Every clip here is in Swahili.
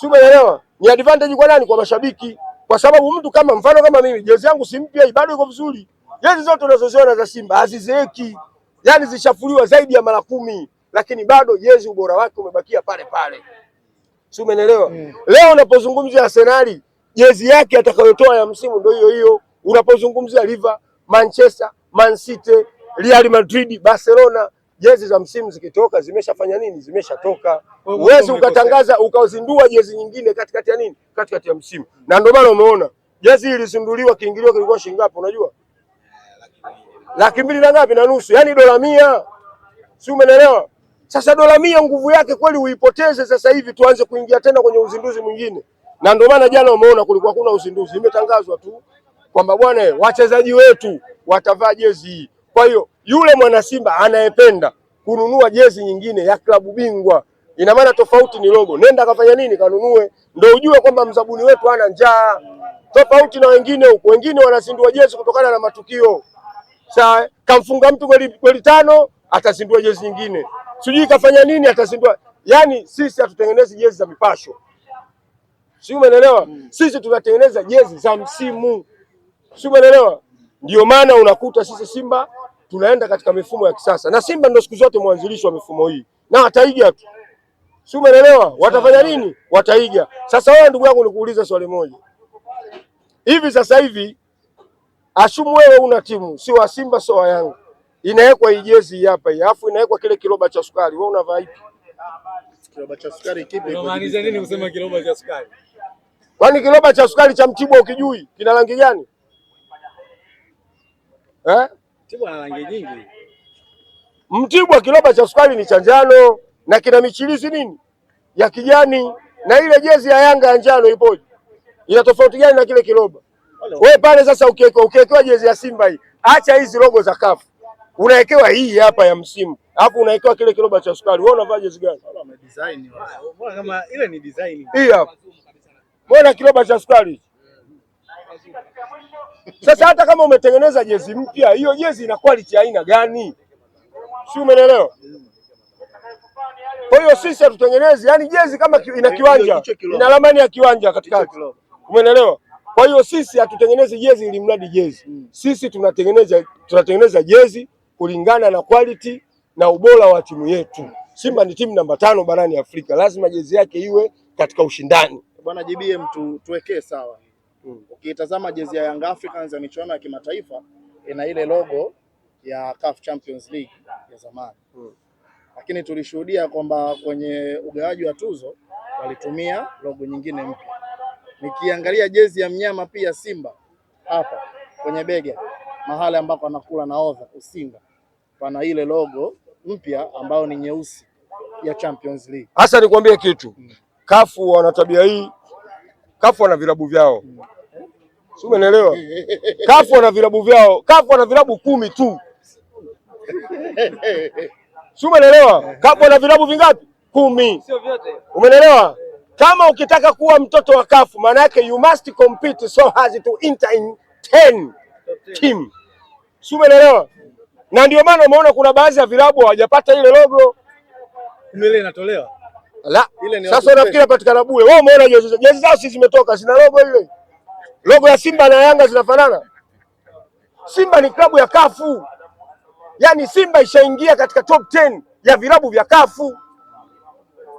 si umeelewa? Ni advantage kwa nani? Kwa mashabiki, kwa sababu mtu kama mfano kama mimi jezi yangu si mpya, bado iko vizuri. Jezi zote unazoziona za Simba hazizeeki, yaani zishafuliwa zaidi ya mara kumi, lakini bado jezi ubora wake umebakia pale pale, si umeelewa? Mm. Leo unapozungumzia Arsenal jezi yake atakayotoa ya msimu ndio hiyo hiyo. Unapozungumzia Liverpool, Manchester, Man City, Real Madrid, Barcelona jezi za msimu zikitoka zimeshafanya nini, zimeshatoka. Huwezi ukatangaza ukazindua jezi nyingine katikati ya nini, katikati ya msimu. Na ndio maana umeona jezi ilizinduliwa, kiingilio kilikuwa shilingi ngapi? Unajua, laki mbili na ngapi na nusu, yani dola mia, si umeelewa? Sasa dola mia nguvu yake kweli uipoteze sasa hivi, tuanze kuingia tena kwenye uzinduzi mwingine. Na ndio maana jana umeona kulikuwa kuna uzinduzi, imetangazwa tu kwamba bwana, wachezaji wetu watavaa jezi hii. Kwa hiyo yule mwana Simba anayependa kununua jezi nyingine ya klabu bingwa, ina maana tofauti ni logo, nenda akafanya nini, kanunue, ndio ujue kwamba mzabuni wetu ana njaa, tofauti na wengine huko. Wengine wanazindua jezi kutokana na matukio. Sawa, kamfunga mtu goli tano, atazindua jezi nyingine, sijui kafanya nini, atazindua. Yani sisi hatutengenezi jezi za mipasho, si umeelewa? Hmm. Sisi tunatengeneza jezi za msimu, si umeelewa? Ndio maana unakuta sisi Simba tunaenda katika mifumo ya kisasa, na Simba ndio siku zote mwanzilishi wa mifumo hii na ataiga tu, si umeelewa? Watafanya nini? Wataiga. Sasa wewe ndugu yangu, nikuulize swali moja, hivi sasa hivi ashumu wewe una timu, si wa Simba sio wa Yanga, inawekwa jezi hapa hii, alafu inawekwa kile kiroba cha sukari, wewe unavaa ipi? Kiroba cha sukari kipi? Unamaanisha nini kusema kiroba cha sukari? Kwani kiroba cha sukari cha Mtibwa ukijui kina rangi gani eh? Mtibwa ana rangi nyingi. Mtibwa kiroba cha sukari ni cha njano na kina michirizi nini ya kijani, na ile jezi ya Yanga ya njano ipoje? Ina tofauti gani na kile kiroba? Wewe pale sasa ukiwekewa ukiwekewa jezi ya Simba hii, acha hizi logo za kafu, unawekewa hii hapa ya msimu, alafu unawekewa kile kiroba cha sukari, wewe unavaa jezi gani? Mbona kama ile ni design hii hapa, mbona kiroba cha sukari sasa hata kama umetengeneza jezi mpya, hiyo jezi ina quality aina gani? Si umeelewa? Kwa hiyo sisi hatutengenezi yani jezi kama ina eh, kiwanja, ina ramani ya kiwanja katikati, umeelewa? Kwa hiyo sisi hatutengenezi jezi ili mradi jezi. Hmm. Sisi tunatengeneza tunatengeneza jezi kulingana na quality na ubora wa timu yetu. Simba ni timu namba tano barani Afrika, lazima jezi yake iwe katika ushindani. Bwana JBM, tuwekee sawa mm. Ukiitazama jezi ya Young Africans ya michuano ya kimataifa ina ile logo ya CAF Champions League ya zamani mm. Lakini tulishuhudia kwamba kwenye ugawaji wa tuzo walitumia logo nyingine mpya. Nikiangalia jezi ya mnyama pia Simba hapa kwenye bega mahali ambako anakula odha Usimba, pana ile logo mpya ambayo ni nyeusi ya Champions League. Hasa nikwambie kitu mm. Kafu wana tabia hii, Kafu wana vilabu vyao mm si umeelewa? Kafu na vilabu vyao, Kafu na vilabu kumi tu, si umeelewa? Kafu na vilabu vingapi? Kumi, umeelewa? Kama ukitaka kuwa mtoto wa Kafu, maana yake you must compete so as to enter in 10 team, si umeelewa? Na ndio maana umeona kuna baadhi ya vilabu hawajapata ile logo ile inatolewa. La, sasa unafikiri patikana bure? Wewe umeona jezi zao si zimetoka, sina logo ile Logo ya Simba na Yanga zinafanana? Simba ni klabu ya kafu, yaani Simba ishaingia katika top 10 ya vilabu vya kafu,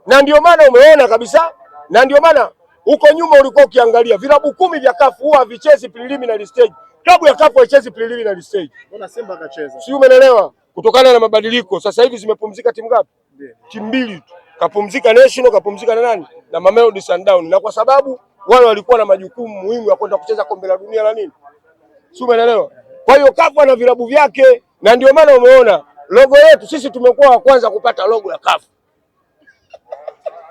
na ndio maana umeona kabisa, na ndio maana huko nyuma ulikuwa ukiangalia vilabu kumi vya kafu huwa havichezi preliminary stage. Klabu ya kafu haichezi preliminary stage. Mbona Simba akacheza? Si umeelewa? Kutokana na mabadiliko sasa hivi zimepumzika timu ngapi? Timu mbili tu, kapumzika National, kapumzika na nani na Mamelodi Sundowns, na kwa sababu wale walikuwa na majukumu muhimu ya kwenda kucheza kombe la dunia la nini, si umeelewa? Kwa hiyo kafu ana vilabu vyake, na ndio maana umeona logo yetu sisi tumekuwa wa kwanza kupata logo ya kafu.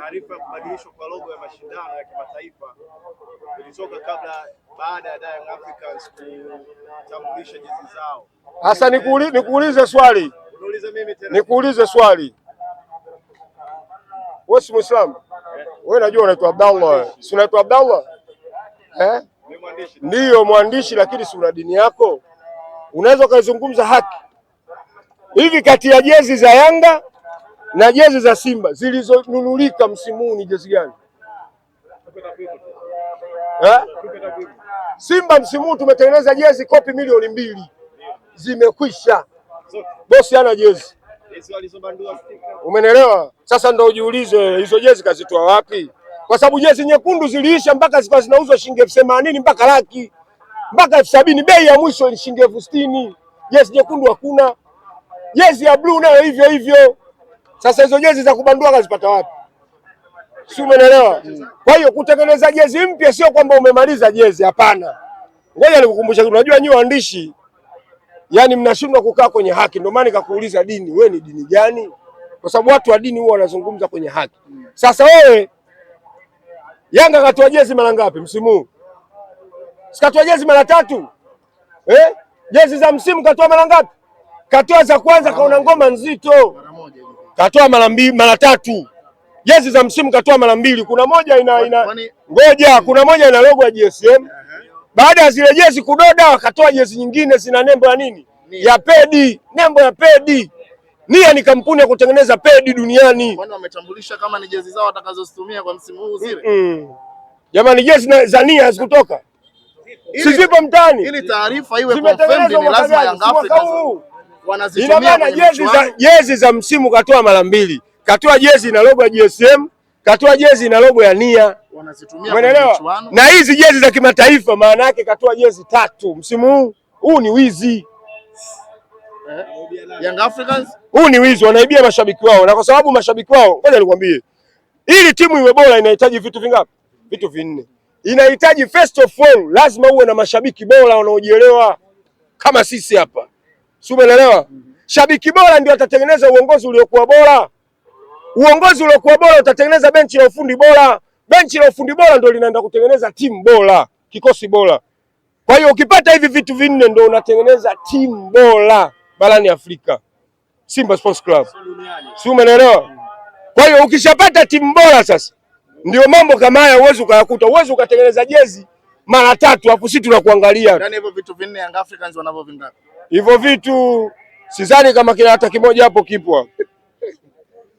Taarifa ya kubadilishwa kwa logo ya mashindano ya kimataifa ilitoka kabla baada ya Young Africans kutambulisha jezi zao. Sasa nikuulize swali, nikuulize swali, wewe si Muislamu? Wewe najua unaitwa Abdallah, si unaitwa Abdallah? Eh, ndiyo mwandishi, lakini si una dini yako, unaweza ukaizungumza haki hivi kati ya jezi za Yanga na jezi za Simba zilizonunulika msimu huu ni jezi gani? Simba msimu huu tumetengeneza jezi kopi milioni mbili zimekwisha. Bosi ana jezi, umenelewa? Sasa ndo ujiulize hizo jezi kazitoa wapi? Kwa sababu jezi nyekundu ziliisha mpaka zilikuwa zinauzwa shilingi elfu themanini mpaka laki mpaka elfu sabini bei ya mwisho ni shilingi elfu sitini Jezi nyekundu hakuna, jezi ya bluu nayo hivyo hivyo sasa hizo jezi za kubandua kazipata wapi? Si umeelewa? Kwa hiyo kutengeneza jezi mpya sio kwamba umemaliza jezi, hapana. Ngoja nikukumbusha, unajua nyinyi waandishi yaani mnashindwa kukaa kwenye haki, ndio maana nikakuuliza dini, wewe ni dini gani? Kwa sababu watu wa dini huwa wanazungumza kwenye haki. Sasa wewe Yanga katoa jezi mara ngapi msimu huu? Sikatoa jezi mara tatu eh? Jezi za msimu katoa mara ngapi? Katoa za kwanza, kaona ngoma nzito katoa mara mbili mara tatu jezi za msimu katoa mara mbili. Kuna moja ina ina ngoja, kuna moja ina logo ya GSM. Baada ya zile jezi kudoda, wakatoa jezi nyingine zina nembo ya nini, ya pedi, nembo ya pedi. Nia ni kampuni ya kutengeneza pedi duniani. Kwani wametambulisha kama ni jezi zao watakazozitumia kwa msimu huu zile? Mm. Jamani, jezi za Nia hazikutoka, si zipo mtaani. Ili taarifa iwe confirmed, ni lazima Yanga Afrika Ina maana jezi za, jezi za msimu katoa mara mbili, katoa jezi na logo ya GSM, katoa jezi na logo ya Nia, umeelewa? Na hizi jezi za kimataifa, maana yake katoa jezi tatu msimu huu. Huu ni wizi eh? Young Africans, huu ni wizi, wanaibia mashabiki wao, na kwa sababu mashabiki wao, ngoja nikwambie, ili timu iwe bora inahitaji vitu vingapi? Vitu vinne inahitaji first of all, lazima uwe na mashabiki bora wanaojielewa kama sisi hapa si umeelewa? mm -hmm. Shabiki bora ndio atatengeneza uongozi uliokuwa bora. Uongozi uliokuwa bora utatengeneza benchi la ufundi bora. Benchi la ufundi bora ndio linaenda kutengeneza timu bora, kikosi bora. Kwa hiyo ukipata hivi vitu vinne ndio unatengeneza timu bora barani Afrika, Simba Sports Club, si umeelewa? Kwa hiyo ukishapata timu bora sasa, ndio mambo kama haya uwezi ukayakuta. Uwezi ukatengeneza jezi mara tatu, afu sisi tunakuangalia. Ndani hivyo vitu vinne Young Africans wanavyo vingapi? hivyo vitu sidhani kama kila hata kimoja hapo kipwa,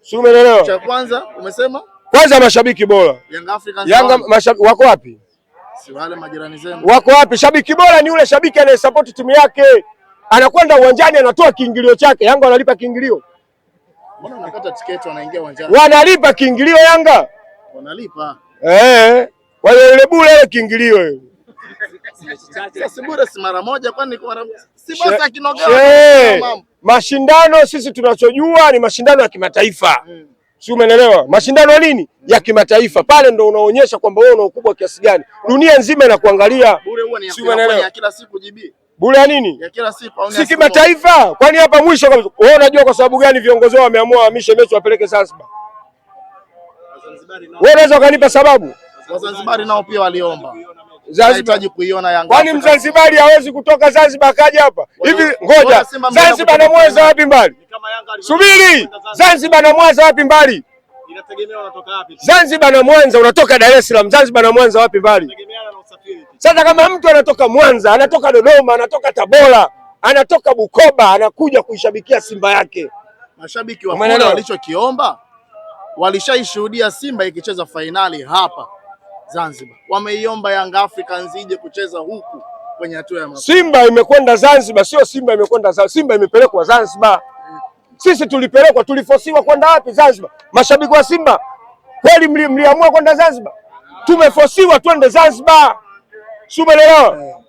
Si umeelewa? Cha kwanza umesema kwanza mashabiki bora Yanga, Africans, Yanga mashabiki wako wapi? Si wale majirani zenu. Wako wapi? Shabiki bora ni yule shabiki anayesapoti timu yake, anakwenda uwanjani anatoa kiingilio chake. Yanga wanalipa kiingilio, Mbona unakata tiketi, wanaingia uwanjani, wanalipa kiingilio. Yanga wanalipa eh, wale ile bure ile kiingilio Mashindano sisi tunachojua ni mashindano ya kimataifa hmm. Si umeelewa? Mashindano lini ya kimataifa pale ndo unaonyesha kwamba wewe una ukubwa kiasi gani, dunia nzima inakuangalia. Si umeelewa? Bure ya nini? Ya kila siku, si kimataifa. Kwani hapa mwisho kabisa wewe unajua kwa sababu gani viongozi wao wameamua wahamishe mechi wapeleke Zanzibar? Wewe unaweza ukanipa sababu? Wazanzibari nao pia waliomba Zanzibar kuiona Yanga. Kwani Mzanzibari hawezi kutoka Zanzibar akaja hapa hivi? Ngoja, Zanzibar na Mwanza wapi mbali? Subiri, Zanzibar na Mwanza wapi mbali? Zanzibar na Mwanza unatoka Dar es Salaam, Zanzibar na Mwanza wapi mbali? Sasa kama mtu anatoka Mwanza, anatoka Dodoma, anatoka Tabora, anatoka Bukoba, anakuja kuishabikia Simba yake, mashabiki wa walichokiomba, walishaishuhudia Simba ikicheza fainali hapa. Zanzibar. Wameiomba Young Africans ije kucheza huku kwenye hatua ya makundi. Simba imekwenda Zanzibar, sio Simba imekwenda Zanzibar. Simba imepelekwa Zanzibar. Sisi tulipelekwa, tulifosiwa kwenda wapi? Zanzibar. Mashabiki wa Simba kweli mliamua kwenda Zanzibar? Tumefosiwa twende Zanzibar, si umeelewa? Yeah.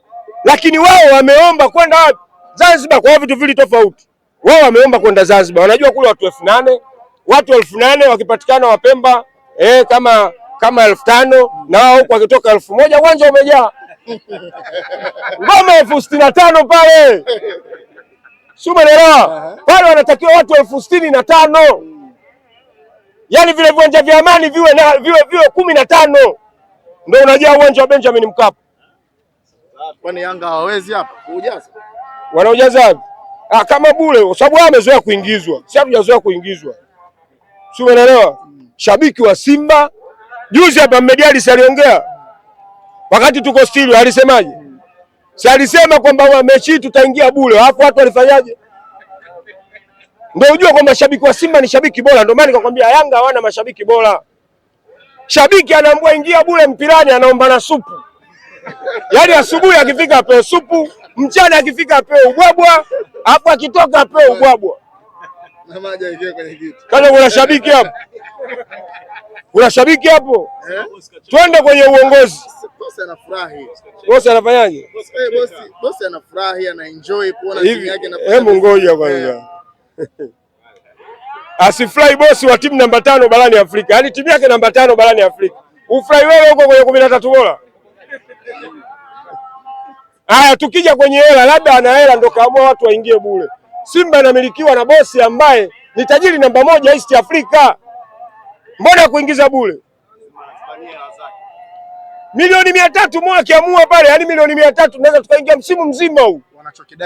Lakini wao wameomba kwenda wapi? Zanzibar, kwa vitu vili tofauti. Wao wameomba kwenda Zanzibar, wanajua kule watu elfu nane watu elfu nane wakipatikana Wapemba eh, kama kama elfu tano na wao huku wakitoka elfu moja uwanja umejaa ngoma elfu sitini na tano pale, si umeelewa? Pale wanatakiwa watu elfu sitini na tano yaani vile viwanja vya Amani viwe na viwe viwe kumi na tano ndio unajaa uwanja wa Benjamin Mkapa. Kwani Yanga hawawezi hapa kujaza? Wanaujaza Ah, kama bule, kwa sababu wao wamezoea kuingizwa, si hatujazoea kuingizwa, si umeelewa? Mm. Shabiki wa Simba Juzi hapa Megalis aliongea wakati tuko studio, alisemaje? Si alisema kwamba mechi tutaingia bure, alafu watu walifanyaje? Ndio unajua kwamba shabiki wa Simba ni shabiki bora. Ndio maana nikakwambia Yanga hawana mashabiki bora. Shabiki anaambua ingia bure mpirani, anaomba na supu, yaani asubuhi akifika apewe supu, mchana akifika apewe ubwabwa, alafu akitoka apewe ubwabwa na maji kwenye kitu. Kama kuna shabiki hapo, kuna shabiki hapo, eh? twende kwenye uongozi. Bosi anafurahi, bosi anafanyaje? Eh, bosi anafurahi, ana enjoy kuona timu yake Hebu ngoja kwanza eh. asifurahi bosi wa timu namba tano barani Afrika, yaani timu yake namba tano barani Afrika. Ufurahi wewe huko kwenye kumi na tatu bora. Haya, tukija kwenye hela, labda ana hela ndo kaamua watu waingie bure. Simba inamilikiwa na bosi ambaye ni tajiri namba moja East Africa. Mbona kuingiza bure milioni mia tatu mwa akiamua pale, yani milioni mia tatu tunaweza tukaingia msimu mzima huu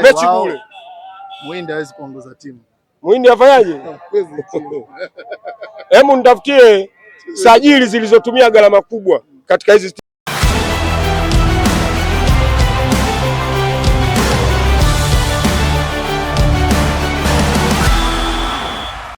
mechi bure. Muhindi hawezi kuongoza timu. Muhindi afanyaje? Hebu nitafutie sajili zilizotumia gharama kubwa katika hizi